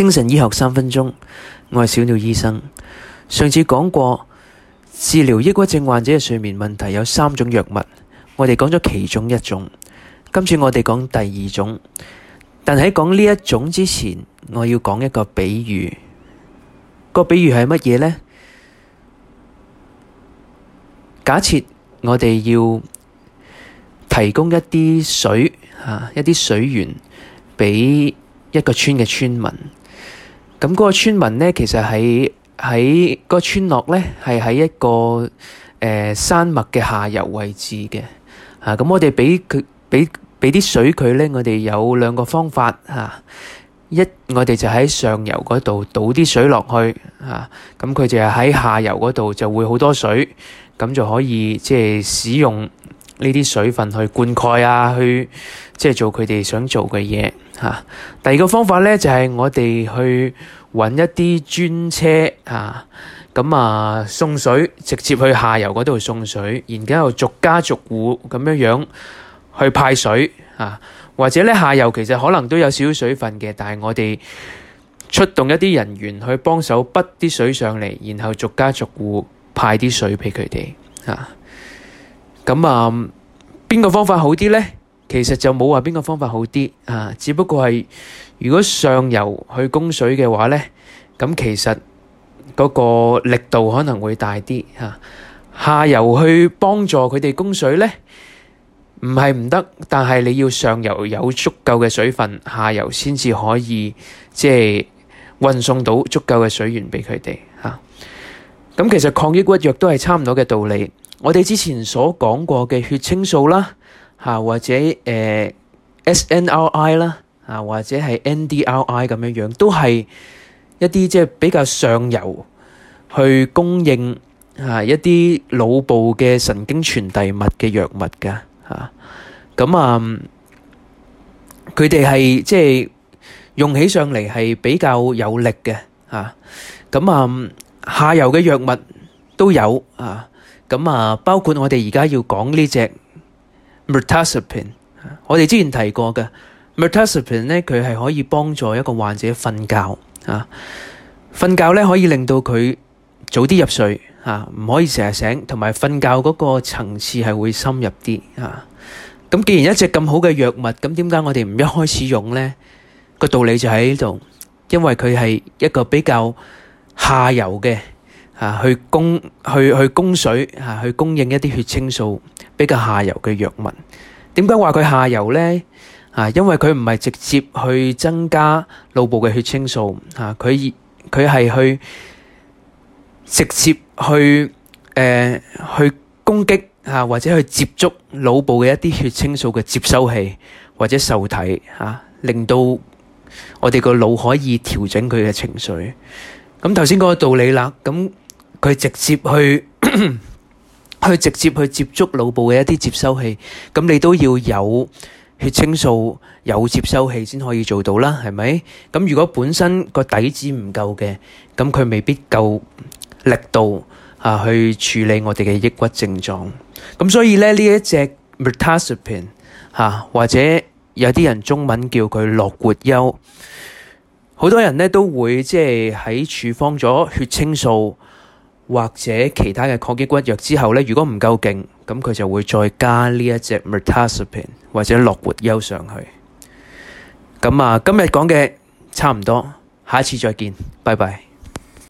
精神醫學三分鐘，我係小鳥醫生。上次講過治療抑鬱症患者嘅睡眠問題有三種藥物，我哋講咗其中一種。今次我哋講第二種，但喺講呢一種之前，我要講一個比喻。個比喻係乜嘢呢？假設我哋要提供一啲水吓，一啲水源畀一個村嘅村民。咁嗰個村民咧，其實喺喺個村落咧，係喺一個誒、呃、山脈嘅下游位置嘅。啊，咁我哋畀佢畀畀啲水佢咧，我哋有兩個方法啊。一，我哋就喺上游嗰度倒啲水落去啊。咁佢就喺下游嗰度就會好多水，咁就可以即係、就是、使用呢啲水分去灌溉啊，去即係、就是、做佢哋想做嘅嘢。吓、啊，第二個方法咧，就係、是，我哋去揾一啲專車吓，咁啊、啊送水，直接去下游嗰度送水，然之後逐家逐戶咁樣樣去派水吓、啊，或者咧下游其實可能都有少少水分嘅，但係我哋出動一啲人員去幫手挹啲水上嚟，然後逐家逐戶派啲水畀佢哋吓，咁啊邊、啊、個方法好啲咧？其實就冇話邊個方法好啲啊，只不過係如果上游去供水嘅話呢，咁其實嗰個力度可能會大啲吓。下游去幫助佢哋供水呢，唔係唔得，但係你要上游有足夠嘅水分，下游先至可以即係運送到足夠嘅水源俾佢哋吓。咁、啊、其實抗抑鬱藥都係差唔多嘅道理，我哋之前所講過嘅血清素啦。吓，或者誒 S N R I 啦，吓，或者係 N D R I 咁樣樣都係一啲即係比較上游去供應吓一啲腦部嘅神經傳遞物嘅藥物噶吓。咁啊佢哋係即係用起上嚟，係比較有力嘅，吓。咁啊下游嘅藥物都有啊，咁啊包括我哋而家要講呢隻。Mirtazapine，我哋之前提過嘅 Mirtazapine 咧，佢係可以幫助一個患者瞓覺啊，瞓覺咧可以令到佢早啲入睡啊，唔可以成日醒，同埋瞓覺嗰個層次係會深入啲啊。咁既然一隻咁好嘅藥物，咁點解我哋唔一開始用呢？個道理就喺呢度，因為佢係一個比較下游嘅啊，去供去去供水啊，去供應一啲血清素。比較下游嘅藥物，點解話佢下游呢？啊，因為佢唔係直接去增加腦部嘅血清素，吓佢佢係去直接去誒、呃、去攻擊吓、啊、或者去接觸腦部嘅一啲血清素嘅接收器或者受體吓、啊，令到我哋個腦可以調整佢嘅情緒。咁頭先嗰個道理啦，咁、啊、佢直接去。 去直接去接觸腦部嘅一啲接收器，咁你都要有血清素有接收器先可以做到啦，係咪？咁如果本身個底子唔夠嘅，咁佢未必夠力度啊去處理我哋嘅抑鬱症狀。咁所以咧呢一隻 mirtazapine、啊、或者有啲人中文叫佢樂活優，好多人咧都會即係喺處方咗血清素。或者其他嘅抗抑鬱藥之後呢，如果唔夠勁，咁佢就會再加呢一隻 Mirtazapine 或者樂活優上去。咁啊，今日講嘅差唔多，下次再見，拜拜。